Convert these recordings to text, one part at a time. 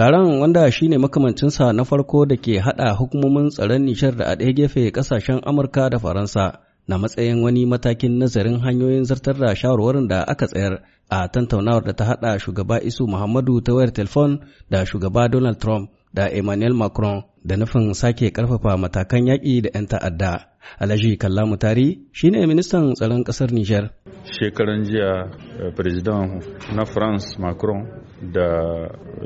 Taron wanda shine makamancinsa na farko da ke haɗa hukumomin tsaron nishar da a ɗaya gefe kasashen Amurka da Faransa na matsayin wani matakin nazarin hanyoyin zartar da shawarwarin da aka tsayar a tantaunawar da ta haɗa shugaba Isu Muhammadu ta wayar telefon da shugaba Donald Trump da Emmanuel Macron da nufin sake ƙarfafa matakan yaƙi da 'yan ta'adda. Alhaji Kallamu Tari shine ministan tsaron ƙasar Nijar. shekaran jiya eh, president na france macron da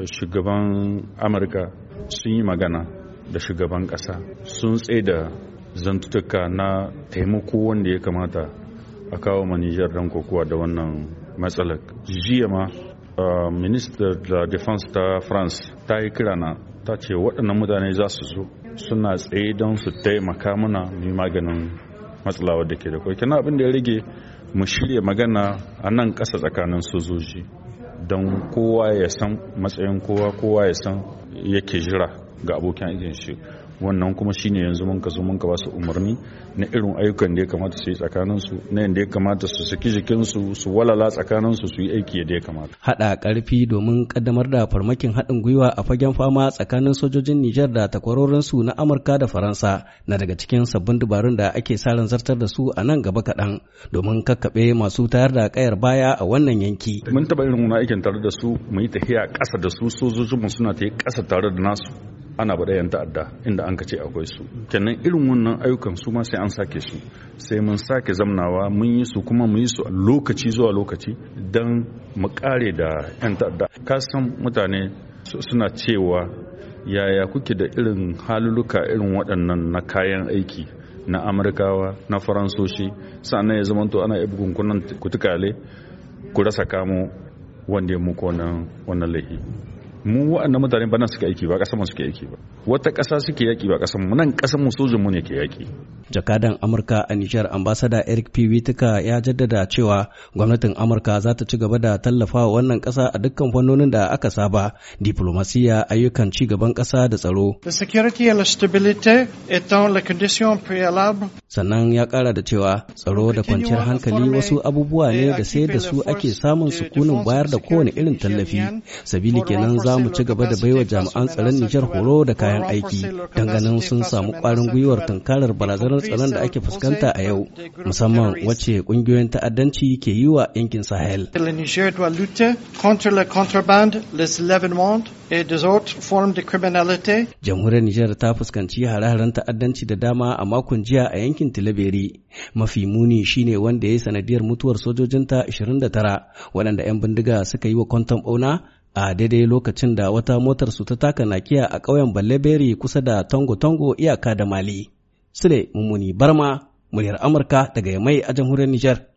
shugaban amurka sun yi magana da shugaban ƙasa sun da zantutuka na taimako wanda ya kamata a kawo manijar don kokowa da wannan matsalar jiya ma eh, minister da defense ta france ta yi kirana ta ce waɗannan mutane za su zo suna tsaye don su taimaka mana mai maganin matsalawa da ke da kwaikina abin da ya rage mu shirya magana a nan ƙasa tsakanin sojoji don kowa ya san matsayin kowa kowa ya san yake jira ga abokan aikin shi wannan kuma shine yanzu mun kaso mun ba su umarni na irin ayyukan da ya kamata su yi tsakanin su na yadda ya kamata su saki jikin su walala tsakanin su su yi aiki yadda ya kamata hada karfi domin kaddamar da farmakin haɗin gwiwa a fagen fama tsakanin sojojin Nijar da takwarorinsu na Amurka da Faransa na daga cikin sabbin dabarun da ake sa zartar da su a nan gaba kaɗan domin kakkaɓe masu tayar da kayar baya a wannan yanki mun taɓa irin wani aikin tare da su mu yi tafiya ƙasa da su sojojinmu suna ta yi ƙasa tare da nasu ana bada yan ta'adda inda an ka ce akwai su kenan irin wannan ayyukan su ma sai an sake su sai mun sake zamnawa mun yi su kuma mun yi su a lokaci zuwa lokaci don mu kare da yan ta'adda ka san mutane suna cewa yaya kuke da irin haluluka irin waɗannan na kayan aiki na amurkawa na faransoshi sannan ya zama to ana iya bugun kunan kutukale ku rasa kamo wanda ya muku wannan laifi mu waɗannan mutane ba nan suke aiki ba ƙasar mu suke aiki ba wata ƙasa suke yaƙi ba ƙasar mu nan ƙasar mu sojin mu ne ke yaƙi jakadan amurka a nijar ambasada eric p witika ya jaddada cewa gwamnatin amurka za ta ci gaba da tallafa wannan ƙasa a dukkan fannonin da aka saba diplomasiya ayyukan ci gaban ƙasa da tsaro the security and stability étant la condition préalable sannan ya kara da cewa tsaro da kwanciyar hankali wasu abubuwa ne da sai da su ake samun sukunin bayar da kowane irin tallafi sabili kenan za za mu ci gaba da baiwa jami'an tsaron Nijar horo da kayan aiki danganin sun samu ƙwarin gwiwar tunkarar barazanar tsaron da ake fuskanta a yau musamman wacce ƙungiyoyin ta'addanci ke yi wa yankin Sahel. Jamhuriyar Nijar ta fuskanci hare-haren ta'addanci da dama a makon jiya a yankin Tilaberi. Mafi muni shine wanda ya yi sanadiyar mutuwar sojojinta 29 waɗanda 'yan bindiga suka yi wa kwantan ɓauna a daidai lokacin da wata motar su ta taka nakiya a ƙauyen Balleberi kusa da Tongo Tongo iyaka da Mali. Sule Mummuni Barma, muryar Amurka daga Yamai a jamhuriyar Nijar.